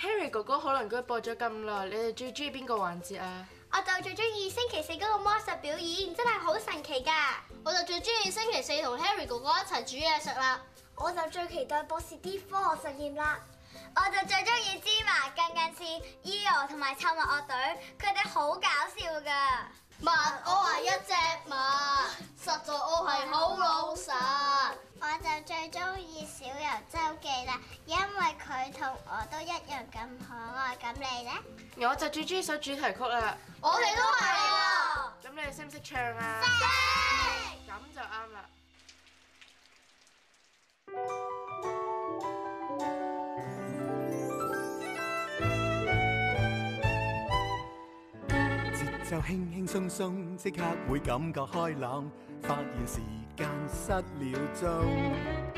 Harry 哥哥，可能佢播咗咁耐，你哋最中意邊個環節啊？我就最中意星期四嗰個魔術表演，真係好神奇㗎！我就最中意星期四同 Harry 哥哥一齊煮嘢食啦！我就最期待博士啲科學實驗啦！我就最中意芝麻更更是 e a 同埋臭物樂隊，佢哋好搞笑㗎！我係一隻馬，實在我係好老實。我就最中意《小由週記》啦，佢同我都一樣咁可愛，咁你咧？我就最中意首主題曲啦。我哋都係啊！咁你識唔識唱啊？識。咁就啱啦。節奏輕輕鬆鬆，即刻會感覺開朗，發現時間失了蹤。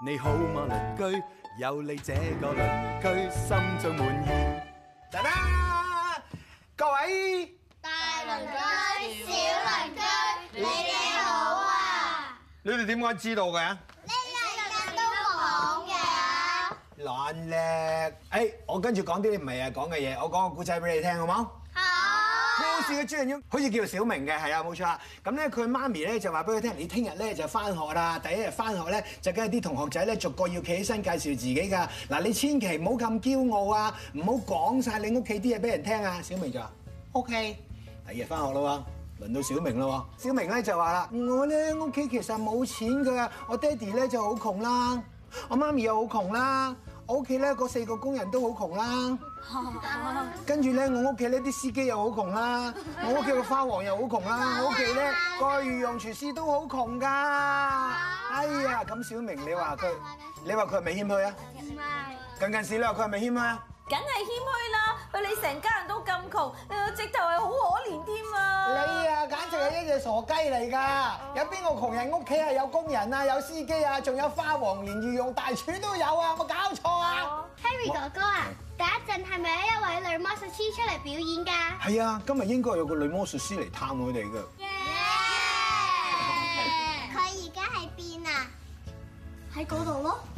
你好嗎，鄰居？有你這個鄰居，心中滿意。大家，各位大鄰居、小鄰居，你哋好啊！你哋點解知道嘅？你兩個人都講嘅，懶叻。誒，我跟住講啲唔係啊講嘅嘢，我講個故仔俾你聽好冇？似好似叫小明嘅，係啊冇錯啦。咁咧佢媽咪咧就話俾佢聽：你聽日咧就翻學啦，第一日翻學咧就跟啲同學仔咧逐個要企起身介紹自己㗎。嗱，你千祈唔好咁驕傲啊，唔好講晒你屋企啲嘢俾人聽啊。小明就話：OK。Okay. 第二日翻學啦喎，輪到小明啦喎。小明咧就話啦：我咧屋企其實冇錢㗎，我爹哋咧就好窮啦，我媽咪又好窮啦。我屋企咧，嗰四個工人都好窮啦。跟住咧，我屋企呢啲司機又好窮啦。 我屋企個花王又好窮啦。我屋企咧個御用廚師都好窮㗎。 哎呀，咁小明，你話佢，你話佢係咪謙虛啊？唔係，近近時你話佢係咪謙虛啊？梗係謙虛啦，佢你成家人都咁窮，個、呃、直頭係好可憐添啊！你啊，簡直係一隻傻雞嚟㗎！有邊個窮人屋企係有工人啊、有司機啊、仲有花王連御用大廚都有啊？冇搞錯啊 ！Harry 哥哥啊，第 一陣係咪一位女魔術師出嚟表演㗎？係啊，今日應該有個女魔術師嚟探我哋㗎。佢而家喺邊啊？喺嗰度咯。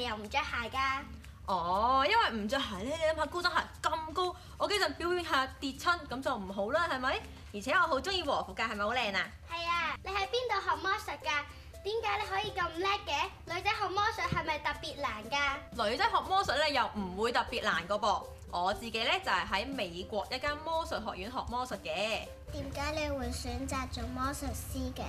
又唔着鞋噶？哦，因為唔着鞋咧，你諗下高踭鞋咁高，我幾陣表演下跌親，咁就唔好啦，係咪？而且我好中意和服噶，係咪好靚啊？係啊，你喺邊度學魔術噶？點解你可以咁叻嘅？女仔學魔術係咪特別難噶？女仔學魔術咧又唔會特別難個噃，我自己咧就係、是、喺美國一間魔術學院學魔術嘅。點解你會選擇做魔術師嘅？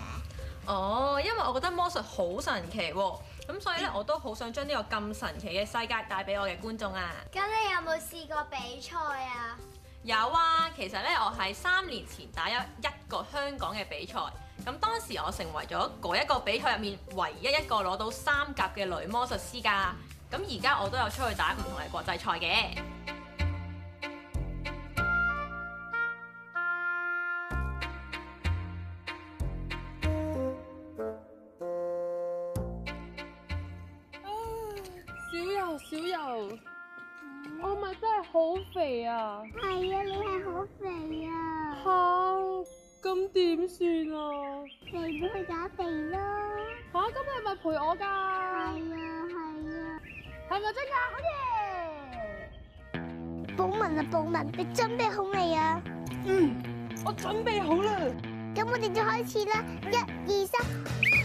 哦，因為我覺得魔術好神奇喎、哦。咁所以咧，我都好想將呢個咁神奇嘅世界帶俾我嘅觀眾啊！咁你有冇試過比賽啊？有啊，其實咧，我喺三年前打咗一個香港嘅比賽，咁當時我成為咗嗰一個比賽入面唯一一個攞到三甲嘅女魔術師㗎。咁而家我都有出去打唔同嘅國際賽嘅。小由，我咪真係好肥啊？係啊，你係好肥啊！吓，咁點算啊？肥咪去打肥咯！吓，今日咪陪我噶？係啊，係啊。係咪真噶？好嘢！博文啊，博文，你準備好未啊？嗯，我準備好啦。咁我哋就開始啦！一二三。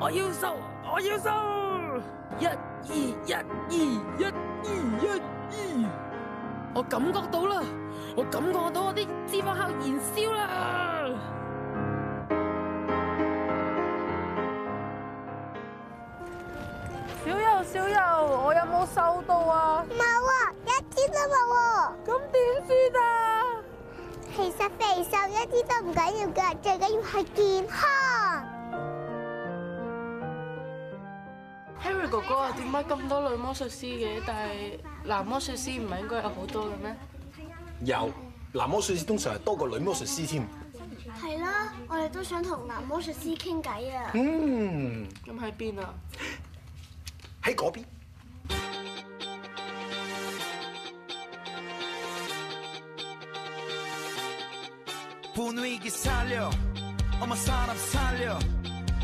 我要瘦，我要瘦！一二一二一二一二，我感覺到啦，我感覺到我啲脂肪開始燃燒啦！小由，小由，我有冇瘦到啊？冇啊，一啲都冇喎。咁點算啊？其實肥瘦一啲都唔緊要噶，最緊要係健康。哥哥啊，點解咁多女魔術師嘅？但係男魔術師唔係應該有好多嘅咩？有，男魔術師通常係多過女魔術師添。係啦，我哋都想同男魔術師傾偈啊。嗯，咁喺邊啊？喺嗰邊。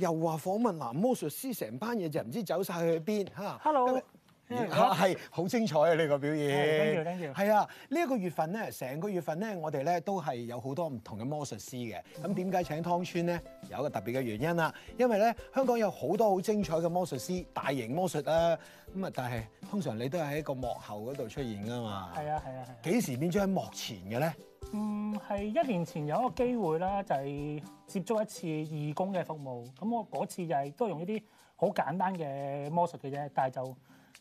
又話訪問男魔術師，成班嘢就唔知走晒去邊嚇。Hello，係好精彩啊！呢、這個表演，Thank you, thank you。係啊，呢、這、一個月份咧，成個月份咧，我哋咧都係有好多唔同嘅魔術師嘅。咁點解請湯川咧？有一個特別嘅原因啦、啊。因為咧，香港有好多好精彩嘅魔術師，大型魔術啦。咁啊，但係通常你都係喺一個幕後嗰度出現噶嘛。係啊係啊係。幾時變咗喺幕前嘅咧？嗯，係一年前有一個機會啦，就係接觸一次義工嘅服務。咁我嗰次就係都用呢啲好簡單嘅魔術嘅啫，但係就。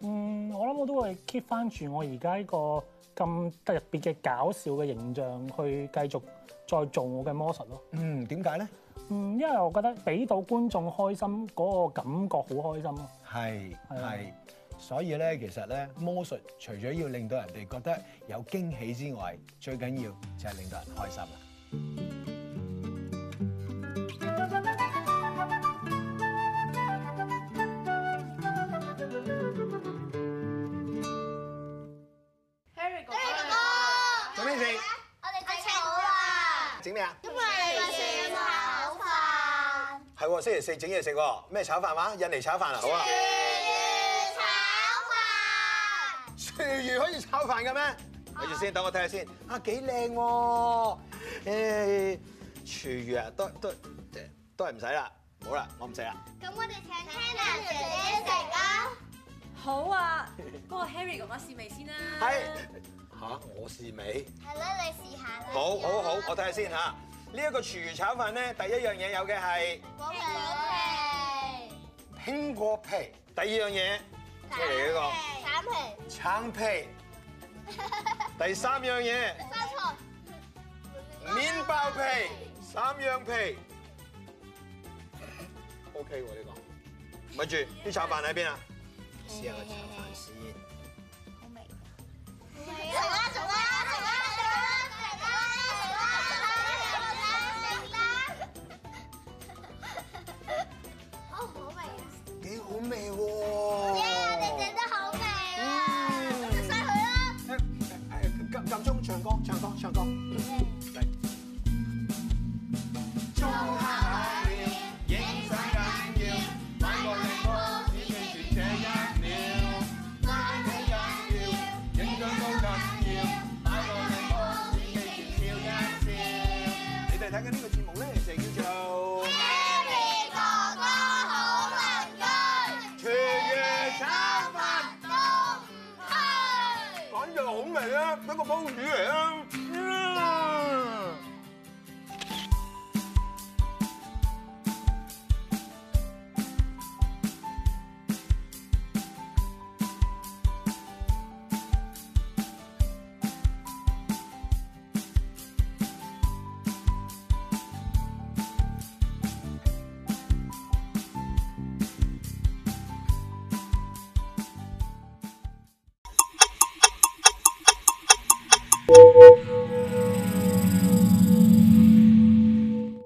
嗯，我諗我都會 keep 翻住我而家呢個咁特別嘅搞笑嘅形象去繼續再做我嘅魔術咯。嗯，點解咧？嗯，因為我覺得俾到觀眾開心嗰個感覺好開心咯。係係，所以咧其實咧，魔術除咗要令到人哋覺得有驚喜之外，最緊要就係令到人開心啦。整咩啊？廚餘炒飯係喎，星期四整嘢食喎。咩炒飯話？印尼炒飯啊，好啊！廚餘炒飯，廚餘可以炒飯嘅咩？睇住先，等我睇下先。啊，幾靚喎！誒，廚餘啊，都都都係唔使啦，好啦，我唔食啦。咁我哋請 Tanner 姐姐食啊！好啊，嗰個 Harry 哥哥試味先啦。係。吓，我試味，係啦，你試下啦。好好好，我睇下先吓，呢、啊、一、呢個廚餘炒飯咧，第一樣嘢有嘅係果皮，蘋果皮。果皮，第二樣嘢即係嚟呢個橙皮，橙皮。橙皮，第三樣嘢生菜，麵錯包皮，三樣皮。OK 我呢個、啊。咪住，啲炒飯喺邊啊？ 試下個炒飯先。試試試